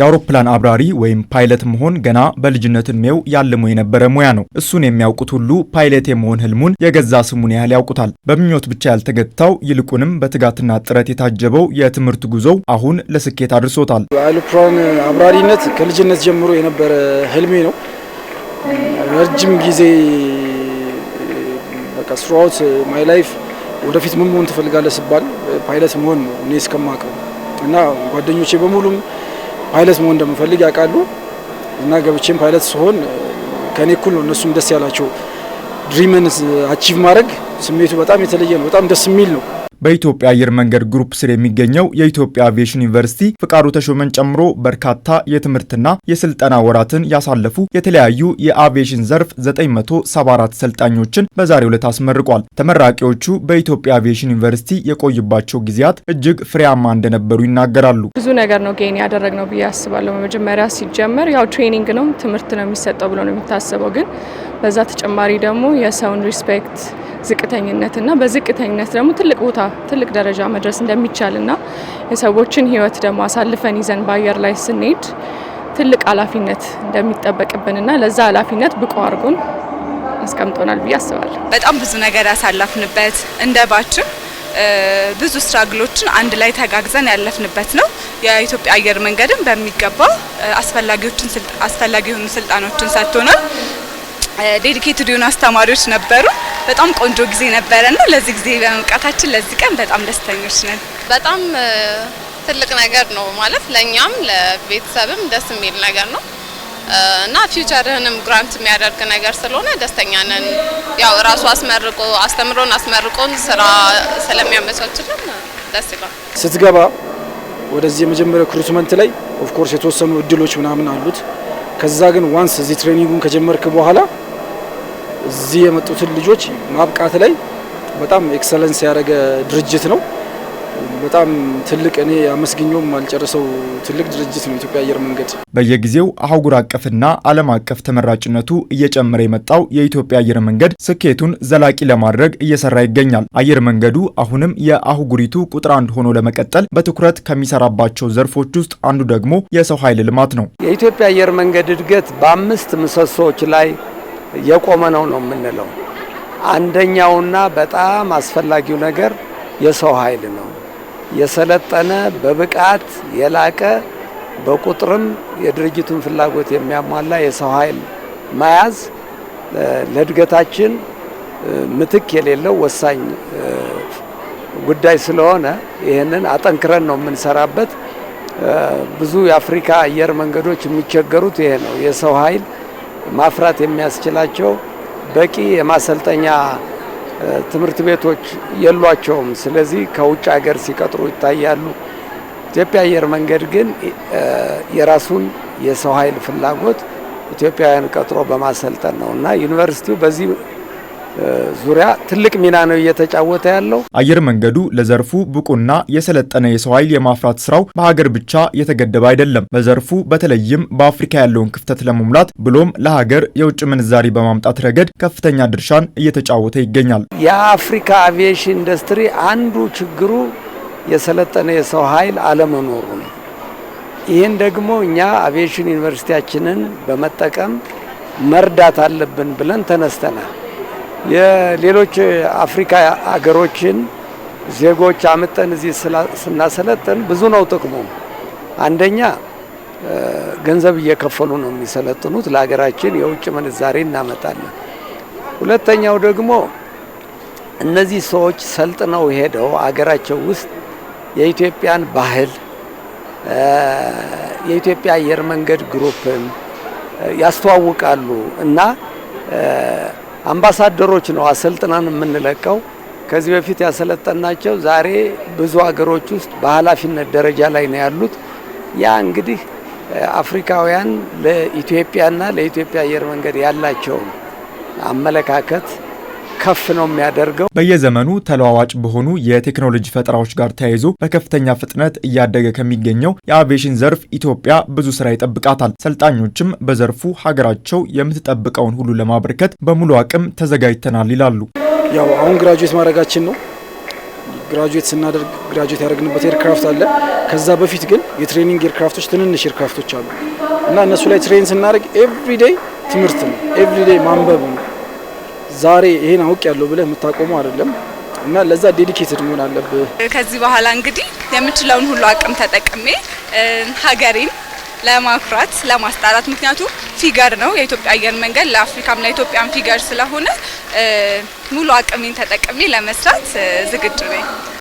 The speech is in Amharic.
የአውሮፕላን አብራሪ ወይም ፓይለት መሆን ገና በልጅነት እድሜው ያልሙ የነበረ ሙያ ነው። እሱን የሚያውቁት ሁሉ ፓይለት የመሆን ህልሙን የገዛ ስሙን ያህል ያውቁታል። በምኞት ብቻ ያልተገታው ይልቁንም በትጋትና ጥረት የታጀበው የትምህርት ጉዞው አሁን ለስኬት አድርሶታል። የአውሮፕላን አብራሪነት ከልጅነት ጀምሮ የነበረ ህልሜ ነው። ረጅም ጊዜ በቃ ስሩት ማይ ላይፍ ወደፊት ምን መሆን ትፈልጋለህ ስባል ፓይለት መሆን ነው እኔ እስከማውቀው እና ጓደኞቼ በሙሉም ፓይለት መሆን እንደምፈልግ ያውቃሉ እና ገብቼም ፓይለት ስሆን ከኔ እኩል ነው እነሱም ደስ ያላቸው ድሪምን አቺቭ ማድረግ ስሜቱ በጣም የተለየ ነው። በጣም ደስ የሚል ነው። በኢትዮጵያ አየር መንገድ ግሩፕ ስር የሚገኘው የኢትዮጵያ አቪዬሽን ዩኒቨርሲቲ ፍቃዱ ተሾመን ጨምሮ በርካታ የትምህርትና የስልጠና ወራትን ያሳለፉ የተለያዩ የአቪዬሽን ዘርፍ 974 ሰልጣኞችን በዛሬው ዕለት አስመርቋል። ተመራቂዎቹ በኢትዮጵያ አቪዬሽን ዩኒቨርሲቲ የቆዩባቸው ጊዜያት እጅግ ፍሬያማ እንደነበሩ ይናገራሉ። ብዙ ነገር ነው ጌን ያደረግነው ብዬ አስባለሁ። በመጀመሪያ ሲጀመር ያው ትሬኒንግ ነው ትምህርት ነው የሚሰጠው ብሎ ነው የሚታሰበው ግን በዛ ተጨማሪ ደግሞ የሰውን ሪስፔክት እና በዝቅተኝነት ደግሞ ትልቅ ቦታ ትልቅ ደረጃ መድረስ እንደሚቻልና የሰዎችን ህይወት ደግሞ አሳልፈን ይዘን በአየር ላይ ስንሄድ ትልቅ ኃላፊነት እንደሚጠበቅብንና ለዛ ኃላፊነት ብቁ አድርጎን አስቀምጦናል ብዬ አስባለሁ። በጣም ብዙ ነገር ያሳለፍንበት እንደ ባችም ብዙ ስትራግሎችን አንድ ላይ ተጋግዘን ያለፍንበት ነው። የኢትዮጵያ አየር መንገድን በሚገባ አስፈላጊ የሆኑ ስልጣኖችን ሰጥቶናል። ዴዲኬትድ የሆኑ አስተማሪዎች ነበሩ። በጣም ቆንጆ ጊዜ ነበረ እና ለዚህ ጊዜ በመብቃታችን ለዚህ ቀን በጣም ደስተኞች ነን። በጣም ትልቅ ነገር ነው ማለት ለእኛም ለቤተሰብም ደስ የሚል ነገር ነው እና ፊውቸርህንም ግራንት የሚያደርግ ነገር ስለሆነ ደስተኛ ነን። ያው ራሱ አስመርቆ አስተምሮን አስመርቆን ስራ ስለሚያመቻችልን ደስ ይላል። ስትገባ ወደዚህ የመጀመሪያው ክሩትመንት ላይ ኦፍኮርስ የተወሰኑ እድሎች ምናምን አሉት። ከዛ ግን ዋንስ እዚህ ትሬኒንጉን ከጀመርክ በኋላ እዚህ የመጡትን ልጆች ማብቃት ላይ በጣም ኤክሰለንስ ያደረገ ድርጅት ነው። በጣም ትልቅ እኔ አመስግኘውም አልጨርሰው ትልቅ ድርጅት ነው የኢትዮጵያ አየር መንገድ። በየጊዜው አህጉር አቀፍና ዓለም አቀፍ ተመራጭነቱ እየጨመረ የመጣው የኢትዮጵያ አየር መንገድ ስኬቱን ዘላቂ ለማድረግ እየሰራ ይገኛል። አየር መንገዱ አሁንም የአህጉሪቱ ቁጥር አንድ ሆኖ ለመቀጠል በትኩረት ከሚሰራባቸው ዘርፎች ውስጥ አንዱ ደግሞ የሰው ኃይል ልማት ነው። የኢትዮጵያ አየር መንገድ እድገት በአምስት ምሰሶዎች ላይ የቆመ ነው ነው የምንለው። አንደኛውና በጣም አስፈላጊው ነገር የሰው ኃይል ነው። የሰለጠነ በብቃት የላቀ በቁጥርም የድርጅቱን ፍላጎት የሚያሟላ የሰው ኃይል መያዝ ለእድገታችን ምትክ የሌለው ወሳኝ ጉዳይ ስለሆነ ይህንን አጠንክረን ነው የምንሰራበት። ብዙ የአፍሪካ አየር መንገዶች የሚቸገሩት ይሄ ነው፣ የሰው ኃይል ማፍራት የሚያስችላቸው በቂ የማሰልጠኛ ትምህርት ቤቶች የሏቸውም። ስለዚህ ከውጭ ሀገር ሲቀጥሩ ይታያሉ። ኢትዮጵያ አየር መንገድ ግን የራሱን የሰው ኃይል ፍላጎት ኢትዮጵያውያን ቀጥሮ በማሰልጠን ነው እና ዩኒቨርሲቲው በዚህ ዙሪያ ትልቅ ሚና ነው እየተጫወተ ያለው። አየር መንገዱ ለዘርፉ ብቁና የሰለጠነ የሰው ኃይል የማፍራት ስራው በሀገር ብቻ የተገደበ አይደለም። በዘርፉ በተለይም በአፍሪካ ያለውን ክፍተት ለመሙላት ብሎም ለሀገር የውጭ ምንዛሪ በማምጣት ረገድ ከፍተኛ ድርሻን እየተጫወተ ይገኛል። የአፍሪካ አቪዬሽን ኢንዱስትሪ አንዱ ችግሩ የሰለጠነ የሰው ኃይል አለመኖሩ ነው። ይህን ደግሞ እኛ አቪዬሽን ዩኒቨርሲቲያችንን በመጠቀም መርዳት አለብን ብለን ተነስተናል። የሌሎች አፍሪካ አገሮችን ዜጎች አምጠን እዚህ ስናሰለጥን ብዙ ነው ጥቅሙ። አንደኛ ገንዘብ እየከፈሉ ነው የሚሰለጥኑት፣ ለሀገራችን የውጭ ምንዛሬ እናመጣለን። ሁለተኛው ደግሞ እነዚህ ሰዎች ሰልጥነው ሄደው አገራቸው ውስጥ የኢትዮጵያን ባህል የኢትዮጵያ አየር መንገድ ግሩፕን ያስተዋውቃሉ እና አምባሳደሮች ነው አሰልጥናን የምንለቀው። ከዚህ በፊት ያሰለጠናቸው ዛሬ ብዙ ሀገሮች ውስጥ በኃላፊነት ደረጃ ላይ ነው ያሉት። ያ እንግዲህ አፍሪካውያን ለኢትዮጵያና ለኢትዮጵያ አየር መንገድ ያላቸውን አመለካከት ከፍ ነው የሚያደርገው። በየዘመኑ ተለዋዋጭ በሆኑ የቴክኖሎጂ ፈጠራዎች ጋር ተያይዞ በከፍተኛ ፍጥነት እያደገ ከሚገኘው የአቪዬሽን ዘርፍ ኢትዮጵያ ብዙ ስራ ይጠብቃታል። ሰልጣኞችም በዘርፉ ሀገራቸው የምትጠብቀውን ሁሉ ለማበርከት በሙሉ አቅም ተዘጋጅተናል ይላሉ። ያው አሁን ግራጁዌት ማድረጋችን ነው። ግራጁዌት ስናደርግ ግራጁዌት ያደረግንበት ኤርክራፍት አለ። ከዛ በፊት ግን የትሬኒንግ ኤርክራፍቶች፣ ትንንሽ ኤርክራፍቶች አሉ እና እነሱ ላይ ትሬን ስናደርግ ኤቭሪዴይ ትምህርት ነው። ኤቭሪዴይ ማንበብ ነው። ዛሬ ይሄን አውቅ ያለው ብለህ የምታቆመው አይደለም እና ለዛ ዴዲኬትድ መሆን አለብህ። ከዚህ በኋላ እንግዲህ የምችለውን ሁሉ አቅም ተጠቅሜ ሀገሬን ለማኩራት ለማስጣራት፣ ምክንያቱም ፊገር ነው የኢትዮጵያ አየር መንገድ ለአፍሪካም ለኢትዮጵያም ፊገር ስለሆነ ሙሉ አቅሜን ተጠቅሜ ለመስራት ዝግጁ ነኝ።